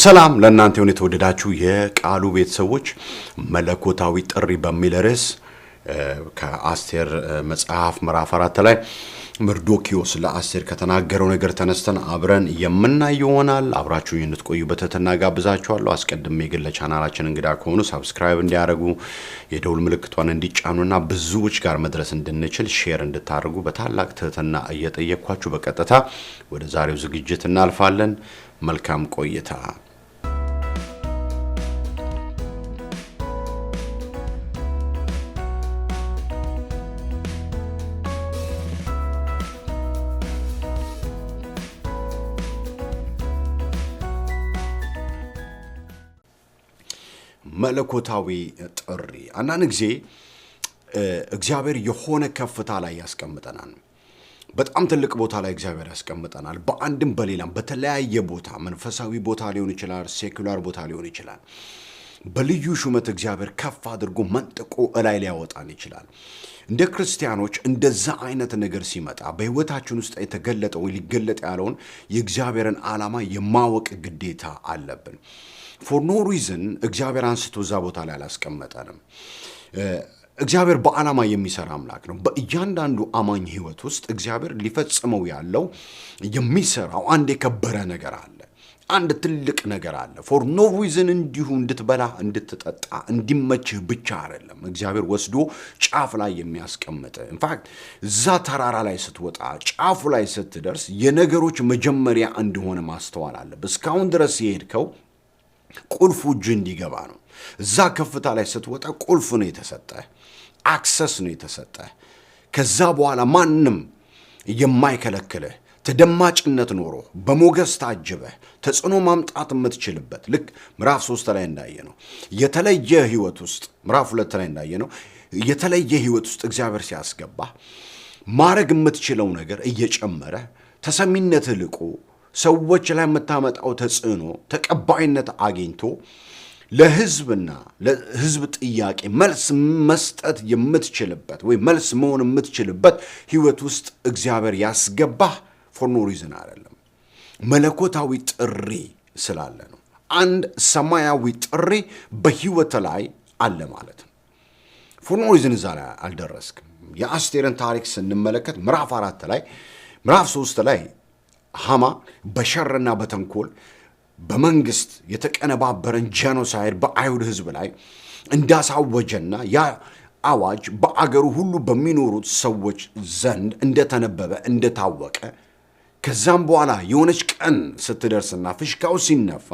ሰላም ለእናንተ የሆነ የተወደዳችሁ የቃሉ ቤተሰቦች መለኮታዊ ጥሪ በሚል ርዕስ ከአስቴር መጽሐፍ ምዕራፍ አራት ላይ መርዶኪዎስ ለአስቴር ከተናገረው ነገር ተነስተን አብረን የምናይ ይሆናል። አብራችሁ እንድትቆዩ በትህትና ጋብዛችኋለሁ። አስቀድሜ ግን ለቻናላችን እንግዳ ከሆኑ ሰብስክራይብ እንዲያደርጉ የደውል ምልክቷን እንዲጫኑና ብዙዎች ጋር መድረስ እንድንችል ሼር እንድታደርጉ በታላቅ ትህትና እየጠየኳችሁ በቀጥታ ወደ ዛሬው ዝግጅት እናልፋለን። መልካም ቆይታ። መለኮታዊ ጥሪ አንዳንድ ጊዜ እግዚአብሔር የሆነ ከፍታ ላይ ያስቀምጠናል። በጣም ትልቅ ቦታ ላይ እግዚአብሔር ያስቀምጠናል። በአንድም በሌላም በተለያየ ቦታ መንፈሳዊ ቦታ ሊሆን ይችላል፣ ሴኩላር ቦታ ሊሆን ይችላል። በልዩ ሹመት እግዚአብሔር ከፍ አድርጎ መንጥቆ እላይ ሊያወጣን ይችላል። እንደ ክርስቲያኖች እንደዛ አይነት ነገር ሲመጣ በሕይወታችን ውስጥ ወይ ሊገለጥ ያለውን የእግዚአብሔርን ዓላማ የማወቅ ግዴታ አለብን። ፎር ኖ ሪዝን እግዚአብሔር አንስቶ እዛ ቦታ ላይ አላስቀመጠንም። እግዚአብሔር በዓላማ የሚሰራ አምላክ ነው። በእያንዳንዱ አማኝ ህይወት ውስጥ እግዚአብሔር ሊፈጽመው ያለው የሚሰራው አንድ የከበረ ነገር አለ። አንድ ትልቅ ነገር አለ። ፎር ኖ ሪዝን እንዲሁ እንድትበላ እንድትጠጣ እንዲመችህ ብቻ አይደለም እግዚአብሔር ወስዶ ጫፍ ላይ የሚያስቀምጥ። ኢንፋክት እዛ ተራራ ላይ ስትወጣ ጫፉ ላይ ስትደርስ የነገሮች መጀመሪያ እንደሆነ ማስተዋል አለብህ። እስካሁን ድረስ የሄድከው ቁልፉ እጅ እንዲገባ ነው። እዛ ከፍታ ላይ ስትወጣ ቁልፍ ነው የተሰጠህ። አክሰስ ነው የተሰጠ። ከዛ በኋላ ማንም የማይከለክልህ ተደማጭነት ኖሮ በሞገስ ታጅበህ ተጽዕኖ ማምጣት የምትችልበት ልክ ምዕራፍ ሶስት ላይ እንዳየ ነው የተለየ ህይወት ውስጥ ምዕራፍ ሁለት ላይ እንዳየ ነው የተለየ ህይወት ውስጥ እግዚአብሔር ሲያስገባ ማድረግ የምትችለው ነገር እየጨመረ ተሰሚነት ልቆ ሰዎች ላይ የምታመጣው ተጽዕኖ ተቀባይነት አግኝቶ ለህዝብና ለህዝብ ጥያቄ መልስ መስጠት የምትችልበት ወይ መልስ መሆን የምትችልበት ህይወት ውስጥ እግዚአብሔር ያስገባህ ፎር ኖ ሪዝን አይደለም፣ መለኮታዊ ጥሪ ስላለ ነው። አንድ ሰማያዊ ጥሪ በህይወት ላይ አለ ማለት ነው። ፎር ኖ ሪዝን እዛ ላይ አልደረስክም። የአስቴርን ታሪክ ስንመለከት ምዕራፍ አራት ላይ ምዕራፍ ሶስት ላይ ሃማ በሸርና በተንኮል በመንግስት የተቀነባበረን ጄኖሳይድ በአይሁድ ህዝብ ላይ እንዳሳወጀና ያ አዋጅ በአገሩ ሁሉ በሚኖሩት ሰዎች ዘንድ እንደተነበበ እንደታወቀ ከዛም በኋላ የሆነች ቀን ስትደርስና ፍሽካው ሲነፋ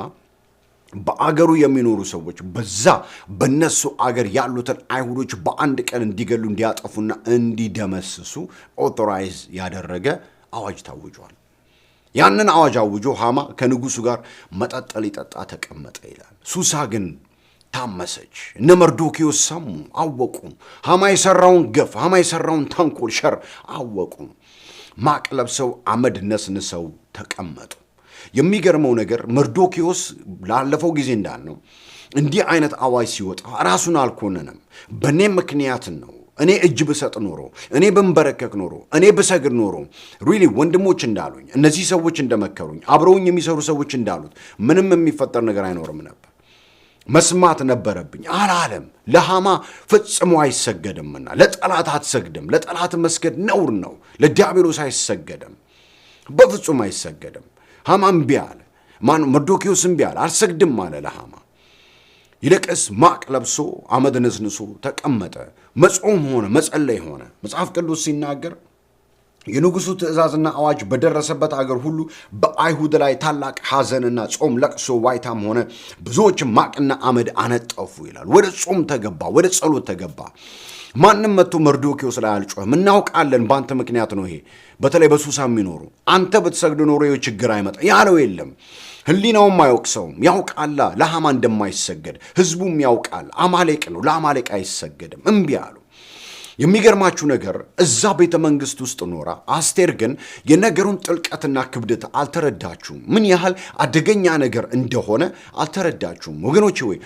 በአገሩ የሚኖሩ ሰዎች በዛ በነሱ አገር ያሉትን አይሁዶች በአንድ ቀን እንዲገሉ እንዲያጠፉና እንዲደመስሱ ኦቶራይዝ ያደረገ አዋጅ ታውጇል። ያንን አዋጅ አውጆ ሃማ ከንጉሱ ጋር መጠጥ ሊጠጣ ተቀመጠ ይላል። ሱሳ ግን ታመሰች። እነ መርዶኪዎስ ሰሙ፣ አወቁ። ሃማ የሠራውን ገፍ፣ ሃማ የሠራውን ተንኮል ሸር አወቁ። ማቅ ለብሰው አመድ ነስንሰው ተቀመጡ። የሚገርመው ነገር መርዶኪዎስ ላለፈው ጊዜ እንዳልነው እንዲህ አይነት አዋጅ ሲወጣ ራሱን አልኮነንም። በእኔም ምክንያት ነው እኔ እጅ ብሰጥ ኖሮ እኔ ብንበረከክ ኖሮ እኔ ብሰግድ ኖሮ ሪሊ ወንድሞች እንዳሉኝ እነዚህ ሰዎች እንደመከሩኝ አብረውኝ የሚሰሩ ሰዎች እንዳሉት ምንም የሚፈጠር ነገር አይኖርም ነበር። መስማት ነበረብኝ። አላለም። ለሃማ ፈጽሞ አይሰገድምና ለጠላት አትሰግድም። ለጠላት መስገድ ነውር ነው። ለዲያብሎስ አይሰገድም፣ በፍጹም አይሰገድም። ሃማ እምቢ አለ። ማን መርዶኪዎስ እምቢ አለ፣ አልሰግድም አለ ለሃማ። ይልቅስ ማቅ ለብሶ አመድ ነዝንሶ ተቀመጠ። መጾም ሆነ መጸለይ ሆነ መጽሐፍ ቅዱስ ሲናገር የንጉሱ ትእዛዝና አዋጅ በደረሰበት አገር ሁሉ በአይሁድ ላይ ታላቅ ሐዘንና ጾም፣ ለቅሶ፣ ዋይታም ሆነ ብዙዎች ማቅና አመድ አነጠፉ ይላል። ወደ ጾም ተገባ፣ ወደ ጸሎት ተገባ። ማንም መጥቶ መርዶኪዎስ ላይ አልጮህም። እናውቃለን፣ በአንተ ምክንያት ነው ይሄ። በተለይ በሱሳ የሚኖሩ አንተ ብትሰግድ ኖሮ ይህ ችግር አይመጣ ያለው የለም። ህሊናውም አይወቅሰውም። ያውቃላ ለሃማ እንደማይሰገድ ህዝቡም ያውቃል። አማሌቅ ነው፣ ለአማሌቅ አይሰገድም። እምቢ አሉ። የሚገርማችሁ ነገር እዛ ቤተ መንግስት ውስጥ ኖራ አስቴር ግን የነገሩን ጥልቀትና ክብደት አልተረዳችሁም። ምን ያህል አደገኛ ነገር እንደሆነ አልተረዳችሁም ወገኖች። ወይ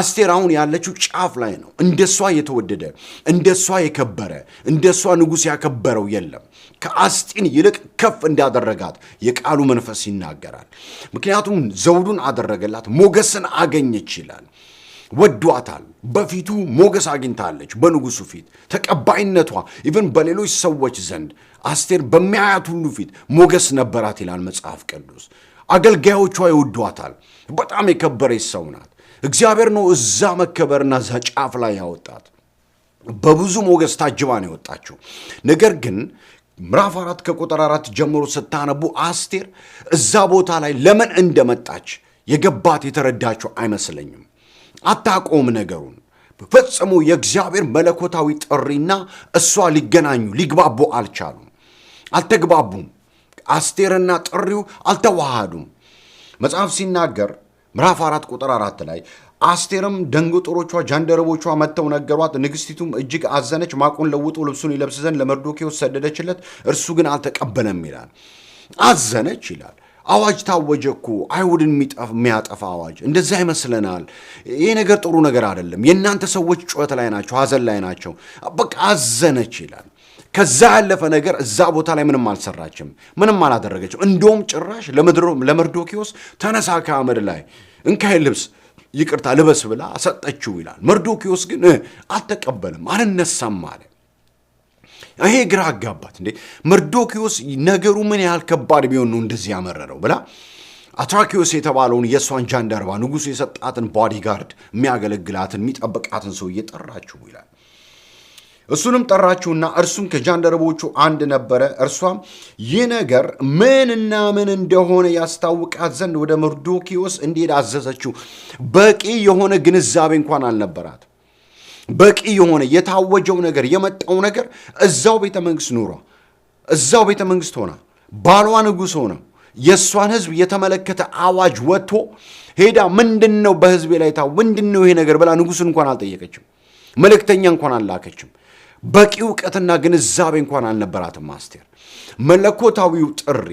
አስቴር አሁን ያለችው ጫፍ ላይ ነው። እንደሷ የተወደደ እንደሷ የከበረ እንደሷ ንጉሥ ያከበረው የለም። ከአስጢን ይልቅ ከፍ እንዳደረጋት የቃሉ መንፈስ ይናገራል። ምክንያቱም ዘውዱን አደረገላት፣ ሞገስን አገኘች ይላል። ወዷታል። በፊቱ ሞገስ አግኝታለች። በንጉሱ ፊት ተቀባይነቷ ኢቨን በሌሎች ሰዎች ዘንድ አስቴር በሚያያት ሁሉ ፊት ሞገስ ነበራት ይላል መጽሐፍ ቅዱስ። አገልጋዮቿ ይወዷታል። በጣም የከበረች ሰው ናት። እግዚአብሔር ነው እዛ መከበርና እዛ ጫፍ ላይ ያወጣት። በብዙ ሞገስ ታጅባ ነው የወጣችው። ነገር ግን ምዕራፍ አራት ከቁጥር አራት ጀምሮ ስታነቡ አስቴር እዛ ቦታ ላይ ለምን እንደመጣች የገባት የተረዳችው አይመስለኝም። አታቆም ነገሩን ፈጽሞ የእግዚአብሔር መለኮታዊ ጥሪና እሷ ሊገናኙ ሊግባቡ አልቻሉም፣ አልተግባቡም። አስቴርና ጥሪው አልተዋሃዱም። መጽሐፍ ሲናገር ምራፍ አራት ቁጥር አራት ላይ አስቴርም ደንገጡሮቿ ጃንደረቦቿ መጥተው ነገሯት። ንግስቲቱም እጅግ አዘነች፣ ማቁን ለውጦ ልብሱን ይለብስ ዘንድ ለመርዶኪዎስ ሰደደችለት፣ እርሱ ግን አልተቀበለም ይላል። አዘነች ይላል አዋጅ ታወጀ እኮ አይሁድን የሚያጠፋ አዋጅ። እንደዛ ይመስለናል። ይሄ ነገር ጥሩ ነገር አይደለም። የእናንተ ሰዎች ጩኸት ላይ ናቸው፣ ሀዘን ላይ ናቸው። በቃ አዘነች ይላል። ከዛ ያለፈ ነገር እዛ ቦታ ላይ ምንም አልሰራችም፣ ምንም አላደረገችም። እንደውም ጭራሽ ለመርዶኪዎስ ተነሳ ከአመድ ላይ እንካይ ልብስ ይቅርታ ልበስ ብላ ሰጠችው ይላል። መርዶኪዎስ ግን አልተቀበልም፣ አልነሳም አለ። ይሄ ግራ አጋባት እንዴ። መርዶኪዎስ ነገሩ ምን ያህል ከባድ ቢሆን ነው እንደዚህ ያመረረው ብላ አትራኪዎስ የተባለውን የእሷን ጃንደርባ ንጉሱ የሰጣትን ቦዲጋርድ የሚያገለግላትን የሚጠብቃትን ሰው እየጠራችሁ ይላል። እሱንም ጠራችሁና እርሱም ከጃንደረቦቹ አንድ ነበረ። እርሷም ይህ ነገር ምንና ምን እንደሆነ ያስታውቃት ዘንድ ወደ መርዶኪዎስ እንዲሄድ አዘዘችው። በቂ የሆነ ግንዛቤ እንኳን አልነበራት። በቂ የሆነ የታወጀው ነገር የመጣው ነገር እዛው ቤተ መንግስት ኑሯ እዛው ቤተ መንግስት ሆና ባሏ ንጉሥ ሆነ የእሷን ህዝብ የተመለከተ አዋጅ ወጥቶ ሄዳ ምንድን ነው በህዝቤ ላይ ታ ምንድን ነው ይሄ ነገር ብላ ንጉስ እንኳን አልጠየቀችም። መልእክተኛ እንኳን አላከችም። በቂ እውቀትና ግንዛቤ እንኳን አልነበራትም። አስቴር መለኮታዊው ጥሪ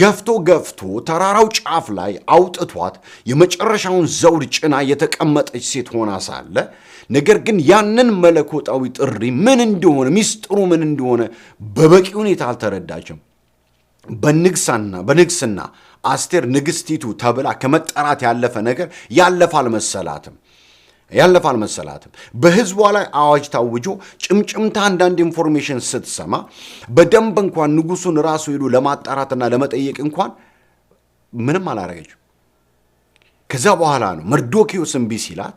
ገፍቶ ገፍቶ ተራራው ጫፍ ላይ አውጥቷት የመጨረሻውን ዘውድ ጭና የተቀመጠች ሴት ሆና ሳለ ነገር ግን ያንን መለኮታዊ ጥሪ ምን እንደሆነ ሚስጥሩ ምን እንደሆነ በበቂ ሁኔታ አልተረዳችም። በንግሳና በንግስና አስቴር ንግስቲቱ ተብላ ከመጠራት ያለፈ ነገር ያለፈ አልመሰላትም። ያለፈ አልመሰላትም። በህዝቧ ላይ አዋጅ ታውጆ ጭምጭምታ አንዳንድ ኢንፎርሜሽን ስትሰማ በደንብ እንኳን ንጉሱን ራሱ ሄዱ ለማጣራትና ለመጠየቅ እንኳን ምንም አላረገችም። ከዛ በኋላ ነው መርዶኪዮስ እምቢ ሲላት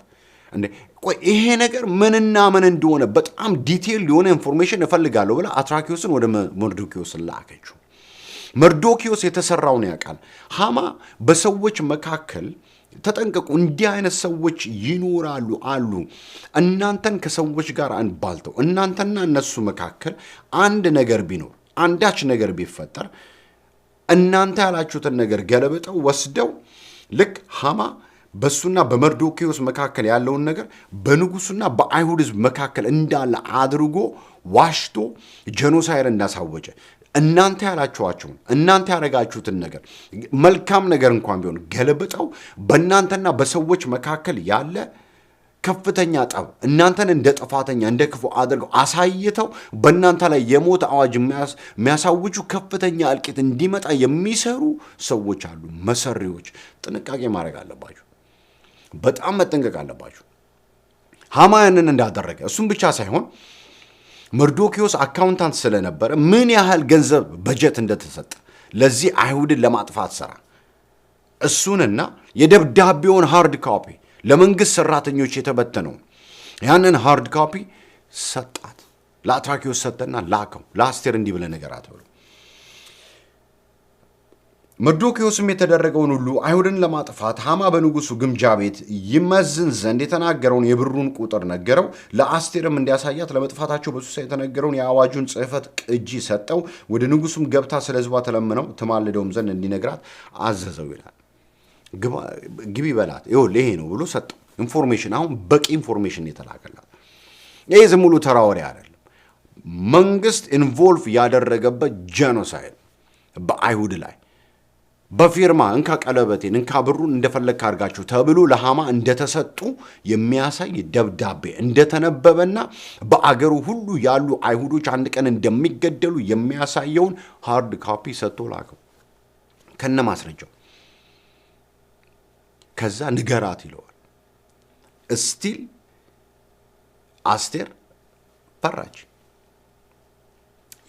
ይሄ ነገር ምንና ምን እንደሆነ በጣም ዲቴል የሆነ ኢንፎርሜሽን እፈልጋለሁ ብላ አትራኪዎስን ወደ መርዶኪዎስን ላከችው። መርዶኪዮስ የተሰራውን ያውቃል። ሃማ በሰዎች መካከል ተጠንቀቁ። እንዲህ አይነት ሰዎች ይኖራሉ አሉ። እናንተን ከሰዎች ጋር አንባልተው እናንተና እነሱ መካከል አንድ ነገር ቢኖር አንዳች ነገር ቢፈጠር እናንተ ያላችሁትን ነገር ገለበጠው ወስደው ልክ ሃማ በእሱና በመርዶኪዎስ መካከል ያለውን ነገር በንጉሱና በአይሁድ ህዝብ መካከል እንዳለ አድርጎ ዋሽቶ ጀኖሳይድ እንዳሳወጀ እናንተ ያላችኋቸውን እናንተ ያደረጋችሁትን ነገር መልካም ነገር እንኳን ቢሆን ገለብጠው በእናንተና በሰዎች መካከል ያለ ከፍተኛ ጠብ እናንተን እንደ ጥፋተኛ እንደ ክፉ አድርገው አሳይተው በእናንተ ላይ የሞት አዋጅ የሚያሳውጁ ከፍተኛ እልቂት እንዲመጣ የሚሰሩ ሰዎች አሉ። መሰሪዎች ጥንቃቄ ማድረግ አለባችሁ። በጣም መጠንቀቅ አለባችሁ። ሀማያንን ያንን እንዳደረገ እሱም ብቻ ሳይሆን መርዶኪዎስ አካውንታንት ስለነበረ ምን ያህል ገንዘብ በጀት እንደተሰጠ ለዚህ አይሁድን ለማጥፋት ሥራ እሱንና የደብዳቤውን ሃርድ ካፒ ለመንግሥት ሠራተኞች የተበተነው ያንን ሃርድ ካፒ ሰጣት ለአትራኪዎስ ሰጠና ላከው። ለአስቴር እንዲህ ብለ ነገር ብሎ መርዶኪዎስም የተደረገውን ሁሉ አይሁድን ለማጥፋት ሐማ በንጉሱ ግምጃ ቤት ይመዝን ዘንድ የተናገረውን የብሩን ቁጥር ነገረው። ለአስቴርም እንዲያሳያት ለመጥፋታቸው በሱሳ የተነገረውን የአዋጁን ጽሕፈት ቅጂ ሰጠው። ወደ ንጉሱም ገብታ ስለ ሕዝቧ ተለምነው ትማልደውም ዘንድ እንዲነግራት አዘዘው ይላል። ግቢ በላት ይኸውልህ ይሄ ነው ብሎ ሰጠው። ኢንፎርሜሽን አሁን በቂ ኢንፎርሜሽን የተላከላት ይህ ዝም ብሎ ተራ ወሬ አይደለም። መንግስት ኢንቮልቭ ያደረገበት ጄኖሳይድ በአይሁድ ላይ በፊርማ እንካ ቀለበቴን እንካ ብሩን እንደፈለግክ አድርጋችሁ ተብሎ ለሃማ እንደተሰጡ የሚያሳይ ደብዳቤ እንደተነበበና በአገሩ ሁሉ ያሉ አይሁዶች አንድ ቀን እንደሚገደሉ የሚያሳየውን ሃርድ ካፒ ሰጥቶ ላከው ከነ ማስረጃው። ከዛ ንገራት ይለዋል። እስቲል አስቴር ፈራች።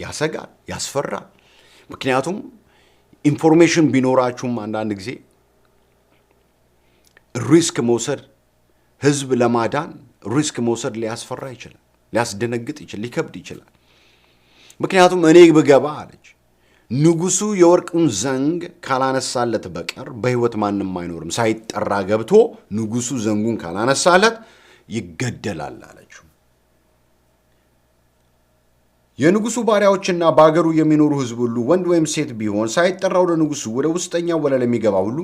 ያሰጋል፣ ያስፈራል። ምክንያቱም ኢንፎርሜሽን ቢኖራችሁም አንዳንድ ጊዜ ሪስክ መውሰድ ህዝብ ለማዳን ሪስክ መውሰድ ሊያስፈራ ይችላል፣ ሊያስደነግጥ ይችላል፣ ሊከብድ ይችላል። ምክንያቱም እኔ ብገባ አለች ንጉሱ የወርቁን ዘንግ ካላነሳለት በቀር በህይወት ማንም አይኖርም፣ ሳይጠራ ገብቶ ንጉሱ ዘንጉን ካላነሳለት ይገደላል አለችው። የንጉሱ ባሪያዎችና በአገሩ የሚኖሩ ህዝብ ሁሉ ወንድ ወይም ሴት ቢሆን ሳይጠራ ወደ ንጉሱ ወደ ውስጠኛ ወለል የሚገባ ሁሉ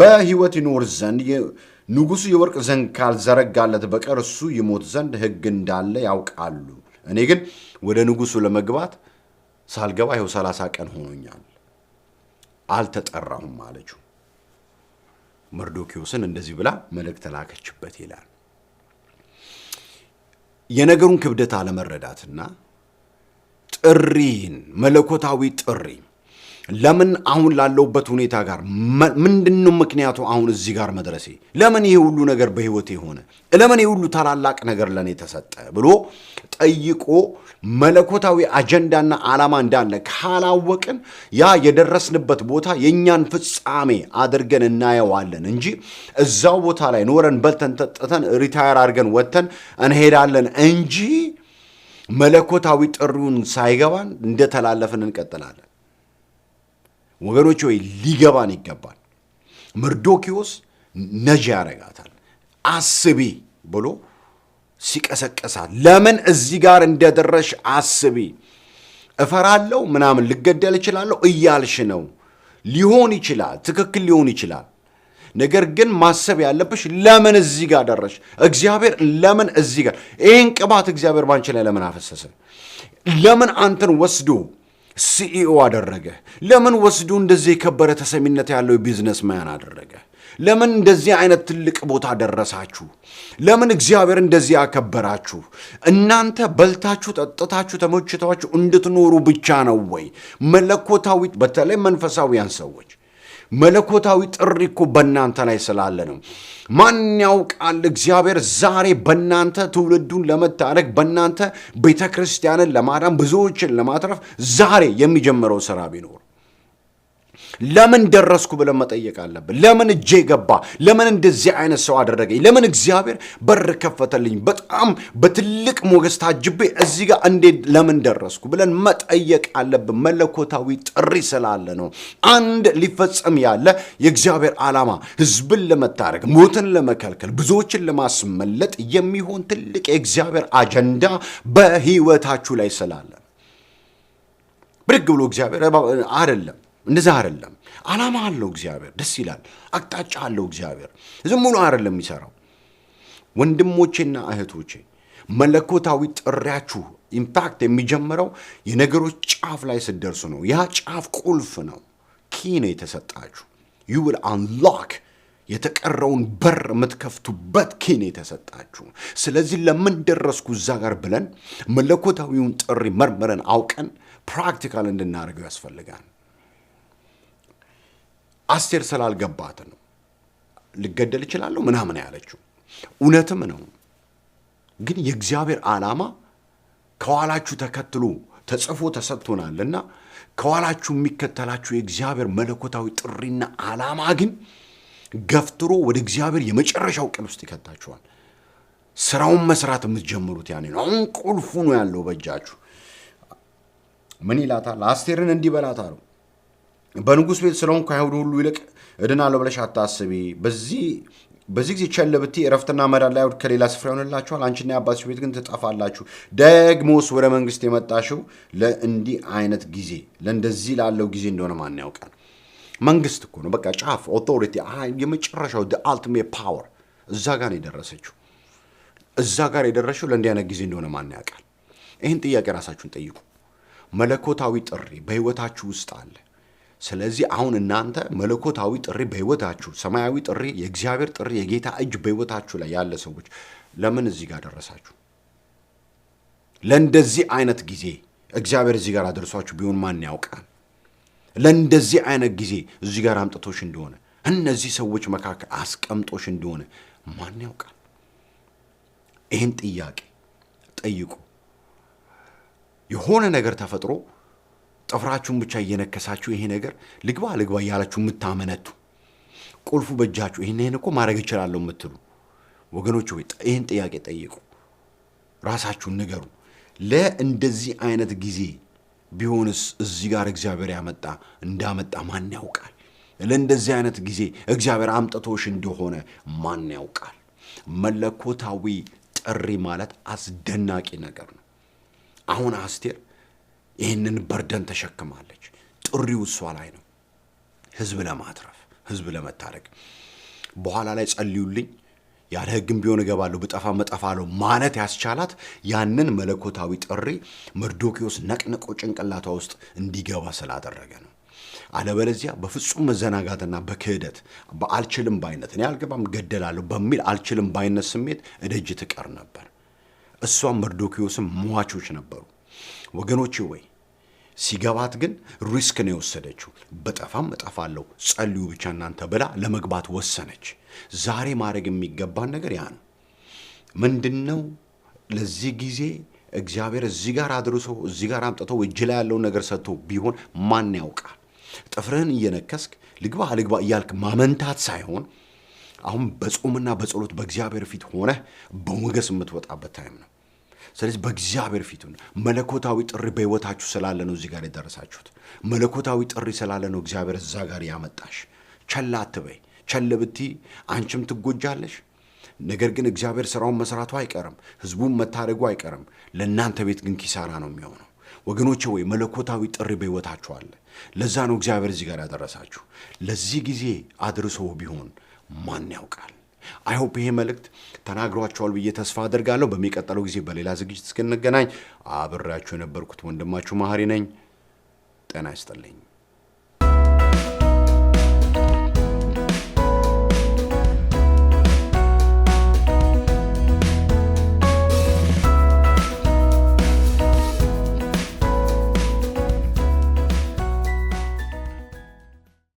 በህይወት ይኖር ዘንድ ንጉሱ የወርቅ ዘንግ ካልዘረጋለት በቀር እሱ ይሞት ዘንድ ህግ እንዳለ ያውቃሉ። እኔ ግን ወደ ንጉሱ ለመግባት ሳልገባ ይኸው 30 ቀን ሆኖኛል፣ አልተጠራሁም አለችው። መርዶኪዎስን እንደዚህ ብላ መልእክት ላከችበት ይላል። የነገሩን ክብደት አለመረዳትና ጥሪን መለኮታዊ ጥሪ ለምን አሁን ላለውበት ሁኔታ ጋር ምንድነው ምክንያቱ? አሁን እዚህ ጋር መድረሴ ለምን ይሄ ሁሉ ነገር በህይወት የሆነ ለምን ይሄ ሁሉ ታላላቅ ነገር ለእኔ ተሰጠ ብሎ ጠይቆ መለኮታዊ አጀንዳና ዓላማ እንዳለ ካላወቅን ያ የደረስንበት ቦታ የእኛን ፍጻሜ አድርገን እናየዋለን እንጂ እዛው ቦታ ላይ ኖረን በልተን ጠጥተን ሪታየር አድርገን ወጥተን እንሄዳለን እንጂ መለኮታዊ ጥሪውን ሳይገባን እንደተላለፍን እንቀጥላለን። ወገኖች ወይ ሊገባን ይገባል። መርዶኪዎስ ነጃ ያረጋታል። አስቢ ብሎ ሲቀሰቀሳል ለምን እዚህ ጋር እንደደረሽ አስቢ፣ እፈራለሁ ምናምን ልገደል እችላለሁ እያልሽ ነው። ሊሆን ይችላል፣ ትክክል ሊሆን ይችላል። ነገር ግን ማሰብ ያለብሽ ለምን እዚህ ጋር ደረሽ? እግዚአብሔር ለምን እዚህ ጋር ይህን ቅባት እግዚአብሔር ባንቺ ላይ ለምን አፈሰሰ? ለምን አንተን ወስዶ ሲኢኦ አደረገ? ለምን ወስዶ እንደዚህ የከበረ ተሰሚነት ያለው ቢዝነስ መያን አደረገ? ለምን እንደዚህ አይነት ትልቅ ቦታ ደረሳችሁ? ለምን እግዚአብሔር እንደዚህ አከበራችሁ? እናንተ በልታችሁ ጠጥታችሁ ተመችታችሁ እንድትኖሩ ብቻ ነው ወይ? መለኮታዊ በተለይ መንፈሳዊያን ሰዎች መለኮታዊ ጥሪ እኮ በእናንተ ላይ ስላለ ነው። ማን ያውቃል እግዚአብሔር ዛሬ በእናንተ ትውልዱን ለመታረግ በእናንተ ቤተ ክርስቲያንን ለማዳን ብዙዎችን ለማትረፍ ዛሬ የሚጀምረው ስራ ቢኖር ለምን ደረስኩ ብለን መጠየቅ አለብን። ለምን እጄ ገባ? ለምን እንደዚህ አይነት ሰው አደረገኝ? ለምን እግዚአብሔር በር ከፈተልኝ? በጣም በትልቅ ሞገስ ታጅቤ እዚህ ጋር እንዴት ለምን ደረስኩ ብለን መጠየቅ አለብን። መለኮታዊ ጥሪ ስላለ ነው። አንድ ሊፈጸም ያለ የእግዚአብሔር ዓላማ ህዝብን ለመታረግ፣ ሞትን ለመከልከል፣ ብዙዎችን ለማስመለጥ የሚሆን ትልቅ የእግዚአብሔር አጀንዳ በህይወታችሁ ላይ ስላለ ብድግ ብሎ እግዚአብሔር አይደለም እንደዛ አይደለም። አላማ አለው እግዚአብሔር። ደስ ይላል። አቅጣጫ አለው እግዚአብሔር። ዝም ብሎ አይደለም የሚሰራው። ወንድሞቼና እህቶቼ መለኮታዊ ጥሪያችሁ ኢምፓክት የሚጀምረው የነገሮች ጫፍ ላይ ስደርሱ ነው። ያ ጫፍ ቁልፍ ነው፣ ኪ ነው የተሰጣችሁ። ዩ ዊል አንሎክ የተቀረውን በር የምትከፍቱበት ኪ ነው የተሰጣችሁ። ስለዚህ ለምን ደረስኩ እዛ ጋር ብለን መለኮታዊውን ጥሪ መርመረን አውቀን ፕራክቲካል እንድናደርገው ያስፈልጋል። አስቴር ስላልገባት ነው ልገደል እችላለሁ ምናምን ያለችው። እውነትም ነው። ግን የእግዚአብሔር ዓላማ ከኋላችሁ ተከትሎ ተጽፎ ተሰጥቶናልና ከኋላችሁ የሚከተላችሁ የእግዚአብሔር መለኮታዊ ጥሪና ዓላማ ግን ገፍትሮ ወደ እግዚአብሔር የመጨረሻው ቀን ውስጥ ይከታችኋል። ስራውን መስራት የምትጀምሩት ያኔ ነው። አሁን ቁልፉ ነው ያለው በእጃችሁ። ምን ይላታል? አስቴርን እንዲህ በላት አለው በንጉሥ ቤት ስለሆን ከአይሁድ ሁሉ ይልቅ እድናለሁ ብለሽ አታስቢ። በዚህ በዚህ ጊዜ ቸል ብትይ እረፍትና መዳን ለአይሁድ ከሌላ ስፍራ ይሆንላችኋል። አንቺና የአባትሽ ቤት ግን ትጠፋላችሁ። ደግሞስ ወደ መንግስት የመጣሽው ለእንዲህ አይነት ጊዜ ለእንደዚህ ላለው ጊዜ እንደሆነ ማን ያውቃል? መንግስት እኮ ነው በቃ ጫፍ ኦቶሪቲ፣ የመጨረሻው አልቲሜት ፓወር እዛ ጋር የደረሰችው እዛ ጋር የደረሰችው ለእንዲህ አይነት ጊዜ እንደሆነ ማን ያውቃል? ይህን ጥያቄ ራሳችሁን ጠይቁ። መለኮታዊ ጥሪ በህይወታችሁ ውስጥ አለ። ስለዚህ አሁን እናንተ መለኮታዊ ጥሪ በህይወታችሁ፣ ሰማያዊ ጥሪ፣ የእግዚአብሔር ጥሪ፣ የጌታ እጅ በህይወታችሁ ላይ ያለ ሰዎች ለምን እዚህ ጋር ደረሳችሁ? ለእንደዚህ አይነት ጊዜ እግዚአብሔር እዚህ ጋር አደርሷችሁ ቢሆን ማን ያውቃል? ለእንደዚህ አይነት ጊዜ እዚህ ጋር አምጥቶሽ እንደሆነ እነዚህ ሰዎች መካከል አስቀምጦሽ እንደሆነ ማን ያውቃል? ይህን ጥያቄ ጠይቁ። የሆነ ነገር ተፈጥሮ ጥፍራችሁን ብቻ እየነከሳችሁ ይሄ ነገር ልግባ ልግባ እያላችሁ የምታመነቱ ቁልፉ በእጃችሁ ይህን ይህን እኮ ማድረግ እችላለሁ የምትሉ ወገኖች ወይ ይህን ጥያቄ ጠይቁ፣ ራሳችሁን ንገሩ። ለእንደዚህ አይነት ጊዜ ቢሆንስ እዚህ ጋር እግዚአብሔር ያመጣ እንዳመጣ ማን ያውቃል? ለእንደዚህ አይነት ጊዜ እግዚአብሔር አምጥቶሽ እንደሆነ ማን ያውቃል? መለኮታዊ ጥሪ ማለት አስደናቂ ነገር ነው። አሁን አስቴር ይህንን በርደን ተሸክማለች። ጥሪው እሷ ላይ ነው። ህዝብ ለማትረፍ ህዝብ ለመታደግ በኋላ ላይ ጸልዩልኝ ያለ ህግም ቢሆን እገባለሁ ብጠፋ መጠፋለሁ ማለት ያስቻላት ያንን መለኮታዊ ጥሪ መርዶኪዎስ ነቅንቆ ጭንቅላቷ ውስጥ እንዲገባ ስላደረገ ነው። አለበለዚያ በፍጹም መዘናጋትና በክህደት በአልችልም ባይነት እኔ አልገባም ገደላለሁ በሚል አልችልም ባይነት ስሜት እደጅ ትቀር ነበር። እሷም መርዶኪዎስም ሟቾች ነበሩ። ወገኖቼ ወይ ሲገባት ግን ሪስክ ነው የወሰደችው። በጠፋም እጠፋለሁ ጸልዩ ብቻ እናንተ ብላ ለመግባት ወሰነች። ዛሬ ማድረግ የሚገባን ነገር ያ ነው። ምንድን ነው ለዚህ ጊዜ እግዚአብሔር እዚህ ጋር አድርሶ እዚህ ጋር አምጥቶ እጅ ላይ ያለውን ነገር ሰጥቶ ቢሆን ማን ያውቃል? ጥፍርህን እየነከስክ ልግባ ልግባ እያልክ ማመንታት ሳይሆን አሁን በጾምና በጸሎት በእግዚአብሔር ፊት ሆነህ በሞገስ የምትወጣበት ታይም ነው። ስለዚህ በእግዚአብሔር ፊት መለኮታዊ ጥሪ በህይወታችሁ ስላለ ነው እዚህ ጋር የደረሳችሁት። መለኮታዊ ጥሪ ስላለ ነው እግዚአብሔር እዛ ጋር ያመጣሽ። ቸላ አትበይ። ቸል ብቲ አንቺም ትጎጃለሽ። ነገር ግን እግዚአብሔር ስራውን መስራቱ አይቀርም፣ ህዝቡን መታደጉ አይቀርም። ለእናንተ ቤት ግን ኪሳራ ነው የሚሆነው። ወገኖች ወይ መለኮታዊ ጥሪ በህይወታችሁ አለ። ለዛ ነው እግዚአብሔር እዚህ ጋር ያደረሳችሁ። ለዚህ ጊዜ አድርሶ ቢሆን ማን ያውቃል? አይሆፕ ይሄ መልእክት ተናግሯቸዋል ብዬ ተስፋ አድርጋለሁ። በሚቀጥለው ጊዜ በሌላ ዝግጅት እስክንገናኝ አብሬያችሁ የነበርኩት ወንድማችሁ መሀሪ ነኝ። ጤና ይስጥልኝ።